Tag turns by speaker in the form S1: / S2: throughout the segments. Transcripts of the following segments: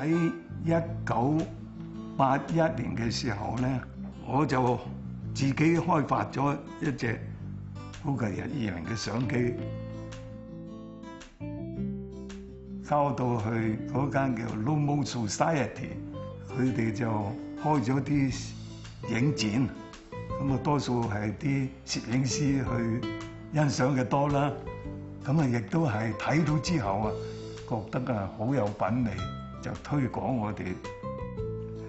S1: 喺一九八一年嘅時候咧，我就自己開發咗一隻普及人二聞嘅相機，交到去嗰間叫 Lomo Society，佢哋就開咗啲影展，咁啊多數係啲攝影師去欣賞嘅多啦，咁啊亦都係睇到之後啊，覺得啊好有品味。就推廣我哋，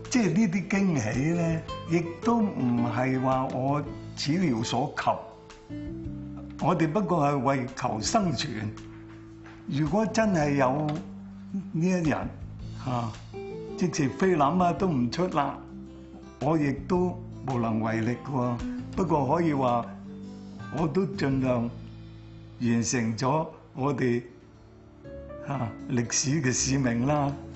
S1: 即係呢啲驚喜咧，亦都唔係話我始料所及。我哋不過係為求生存。如果真係有呢一日，嚇、啊，即使菲林啊都唔出啦，我亦都無能為力嘅喎。不過可以話，我都儘量完成咗我哋嚇、啊、歷史嘅使命啦。